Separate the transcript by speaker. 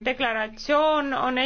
Speaker 1: deklaratsioon on